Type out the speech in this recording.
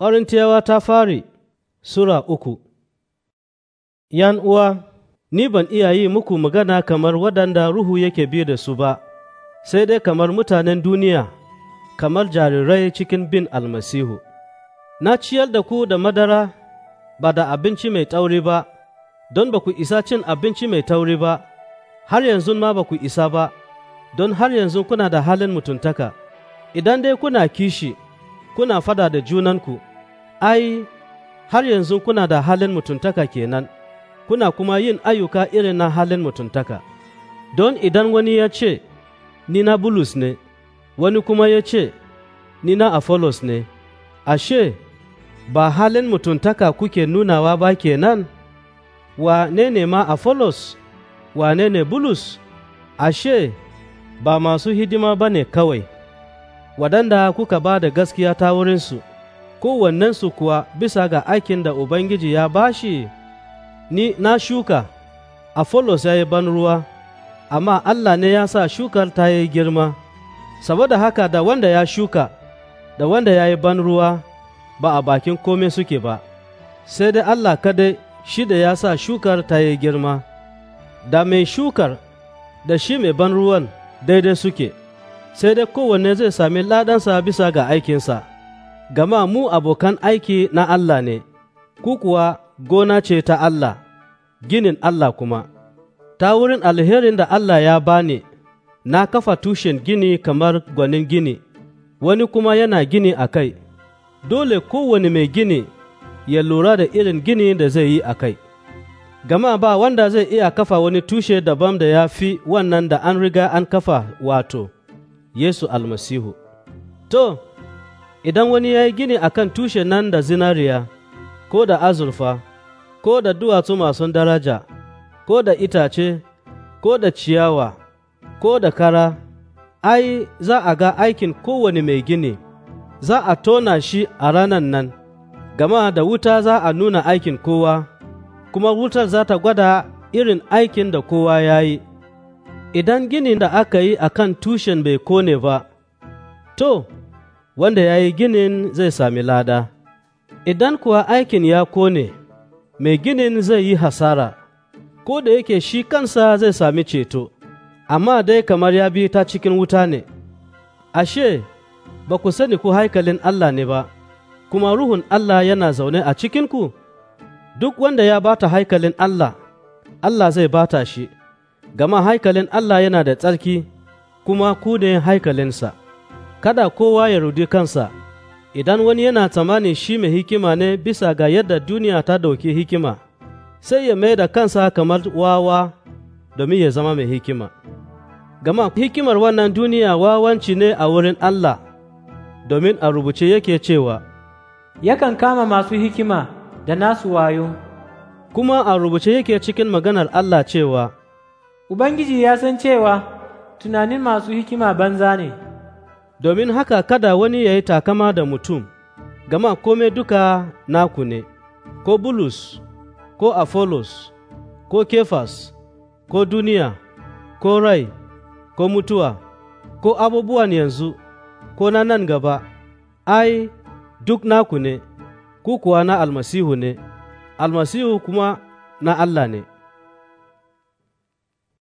Korintiyawa ta fari Sura uku ’Yan uwa, ni ban iya yi muku magana kamar waɗanda Ruhu yake bi da su ba, sai dai kamar mutanen duniya, kamar jarirai cikin bin almasihu. Na ciyar da ku da madara ba da abinci mai tauri ba, don ba ku isa cin abinci mai tauri ba, har yanzu ma ba ku isa ba, don har yanzu kuna da halin mutuntaka. Idan dai kuna kishi, kuna fada da junanku. ai, har yanzu kuna da halin mutuntaka kenan, kuna kuma yin ayyuka irin na halin mutuntaka. Don idan wani ya ce, Ni na Bulus ne, wani kuma ya ce, Ni na Apollos ne, ashe, ba halin mutuntaka kuke nunawa ba kenan? wa ne ma Apollos, wa ne Bulus, ashe, ba masu hidima ba ne kawai, waɗanda kuka ba da gaskiya ta wurinsu. kowannensu kuwa bisa ga aikin da Ubangiji ya bashi, ni na shuka, Afolos ya yi ban ruwa, amma Allah ne ya sa shukar ta yi girma, saboda haka da wanda ya shuka, da wanda ya yi ban ruwa ba a bakin kome suke ba, sai dai Allah kadai shi da ya sa shukar ta yi girma, da mai shukar da shi mai ban ruwan daidai suke, sai dai kowanne zai sami ladansa bisa ga aikinsa. gama mu abokan aiki na Allah ne, ku kuwa gona ce ta Allah, ginin Allah kuma, ta wurin alherin da Allah ya bani, na kafa tushen gini kamar gwanin gini, wani kuma yana gini a kai, dole kowane mai gini ya lura da irin gini da zai yi a kai. Gama ba wanda zai iya kafa wani tushe daban da ya fi wannan da an riga an kafa wato, Yesu almasihu. To, idan wani ya yi gini a kan tushe nan da zinariya, ko da azurfa, ko da duwatsu masu daraja, ko da itace, ko da ciyawa, ko da kara, ai, za a ga aikin kowane mai gini, za a tona shi a ranan nan, gama da wuta za a nuna aikin kowa, kuma wutar za ta gwada irin aikin da kowa ya yi. Idan ginin da aka yi a kan tushen bai kone ba, to, wanda ya yi ginin zai sami lada, idan kuwa aikin ya kone, mai ginin zai yi hasara, ko da yake shi kansa zai sami ceto, amma dai kamar ya bi ta cikin wuta ne. Ashe, ba ku sani ku haikalin Allah ne ba, kuma Ruhun Allah yana zaune a cikinku, duk wanda ya bata haikalin Allah, Allah zai bata shi, gama haikalin Allah yana da tsarki, kuma ku ne haikalinsa. kada kowa ya rudi kansa, idan wani yana tsammanin shi mai hikima ne bisa ga yadda duniya ta dauki hikima, sai ya mai da kansa kamar wawa domin ya zama mai hikima. Gama hikimar wannan duniya wawanci ne a wurin Allah, domin a rubuce yake cewa, Yakan kama masu hikima da nasu wayo. Kuma a rubuce yake cikin maganar Allah cewa, Ubangiji ya san cewa tunanin masu hikima banza ne. domin haka kada wani ya yi takama da mutum, gama kome duka naku ne, ko Bulus, ko Afolos, ko Kefas, ko duniya, ko rai, ko mutuwa, ko abubuwan yanzu, ko na nan gaba, ai, duk naku ne, ku kuwa na almasihu ne, almasihu kuma na Allah ne.